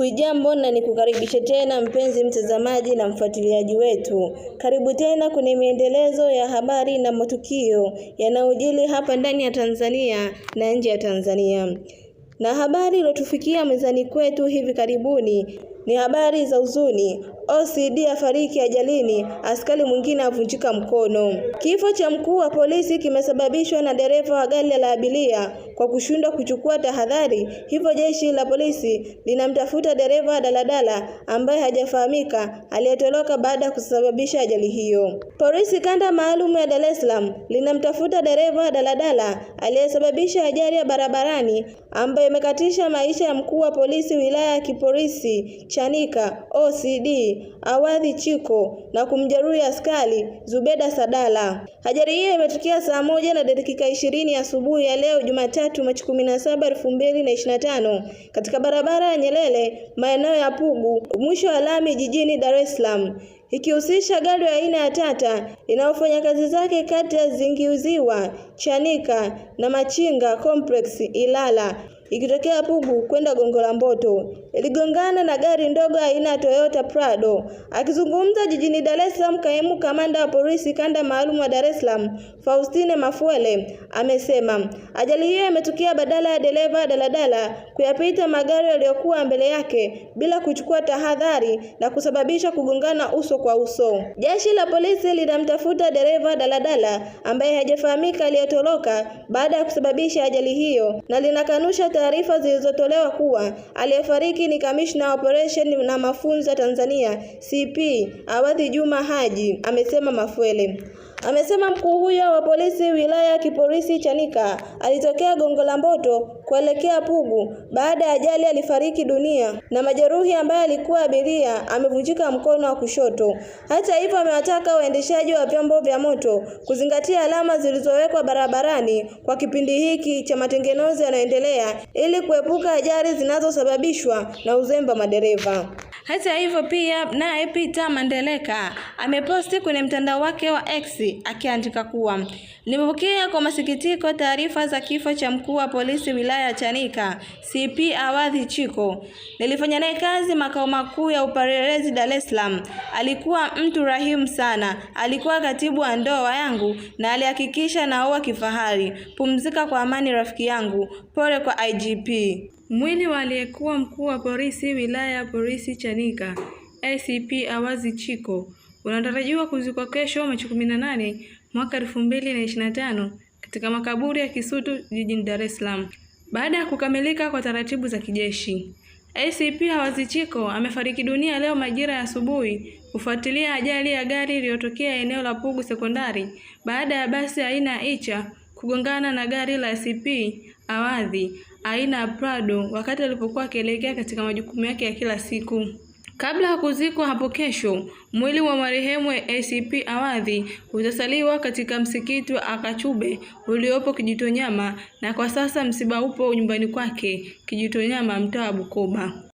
Hujambo na nikukaribishe tena mpenzi mtazamaji na mfuatiliaji wetu, karibu tena kwenye miendelezo ya habari na matukio yanayojili hapa ndani ya Tanzania na nje ya Tanzania. Na habari iliyotufikia mezani kwetu hivi karibuni ni habari za huzuni OCD afariki ajalini, askari mwingine avunjika mkono. Kifo cha mkuu wa polisi kimesababishwa na dereva wa gari la abiria kwa kushindwa kuchukua tahadhari, hivyo jeshi la polisi linamtafuta dereva wa daladala ambaye hajafahamika aliyetoroka baada ya kusababisha ajali hiyo. Polisi kanda maalum ya Dar es Salaam linamtafuta dereva wa daladala aliyesababisha ajali ya barabarani ambayo imekatisha maisha ya mkuu wa polisi wilaya ya kipolisi Chanika OCD Awadhi Chiko na kumjeruhi askari Zubeda Sadala. Ajali hiyo imetokea saa moja na dakika ishirini asubuhi ya, ya leo Jumatatu Machi kumi na saba elfu mbili na ishirini na tano katika barabara ya Nyerere maeneo ya Pugu mwisho wa lami jijini Dar es Salaam ikihusisha gari aina ya Tata inayofanya kazi zake kati ya Zingiuziwa, Chanika na Machinga Complex Ilala ikitokea Pugu kwenda Gongo la Mboto. Iligongana na gari ndogo aina ya Toyota Prado. Akizungumza jijini Dar es Salaam, kaimu kamanda wa polisi kanda maalum wa Dar es Salaam Faustine Mafuele amesema ajali hiyo imetukia badala ya dereva daladala kuyapita magari yaliyokuwa mbele yake bila kuchukua tahadhari na kusababisha kugongana uso kwa uso. Jeshi la polisi linamtafuta dereva daladala ambaye hajafahamika aliyotoroka baada ya kusababisha ajali hiyo na linakanusha taarifa zilizotolewa kuwa aliyefariki ni kamishna wa operation na mafunzo Tanzania CP Awadhi Juma Haji, amesema Mafwele. Amesema mkuu huyo wa polisi wilaya ya kipolisi Chanika alitokea Gongo la Mboto kuelekea Pugu. Baada ya ajali alifariki dunia na majeruhi ambaye alikuwa abiria amevunjika mkono wa kushoto. Hata hivyo, amewataka waendeshaji wa vyombo vya moto kuzingatia alama zilizowekwa barabarani kwa kipindi hiki cha matengenezo yanayoendelea ili kuepuka ajali zinazosababishwa na uzembe wa madereva. Hata hivyo, pia naye Peter Mandeleka ameposti kwenye mtandao wake wa X akiandika kuwa nimepokea kwa masikitiko taarifa za kifo cha mkuu wa polisi wilaya ya Chanika CP Awadhi Chiko. Nilifanya naye kazi makao makuu ya upelelezi Dar es Salaam. Alikuwa mtu rahimu sana, alikuwa katibu wa ndoa yangu na alihakikisha naoa kifahari. Pumzika kwa amani rafiki yangu, pole kwa IGP. Mwili wa aliyekuwa mkuu wa polisi wilaya ya polisi Chanika ACP awazi Chiko unatarajiwa kuzikwa kesho Machi kumi na nane mwaka elfu mbili na ishirini na tano katika makaburi ya Kisutu jijini Dar es Salaam baada ya kukamilika kwa taratibu za kijeshi. ACP Hawazichiko amefariki dunia leo majira ya asubuhi kufuatilia ajali ya gari iliyotokea eneo la Pugu Sekondari baada ya basi aina ya Icha kugongana na gari la ACP Awadhi aina ya Prado wakati alipokuwa akielekea katika majukumu yake ya kila siku. Kabla ya kuzikwa hapo kesho, mwili wa marehemu ACP Awadhi utasaliwa katika msikiti wa Akachube uliopo Kijitonyama na kwa sasa msiba upo nyumbani kwake Kijitonyama, mtaa wa Bukoba.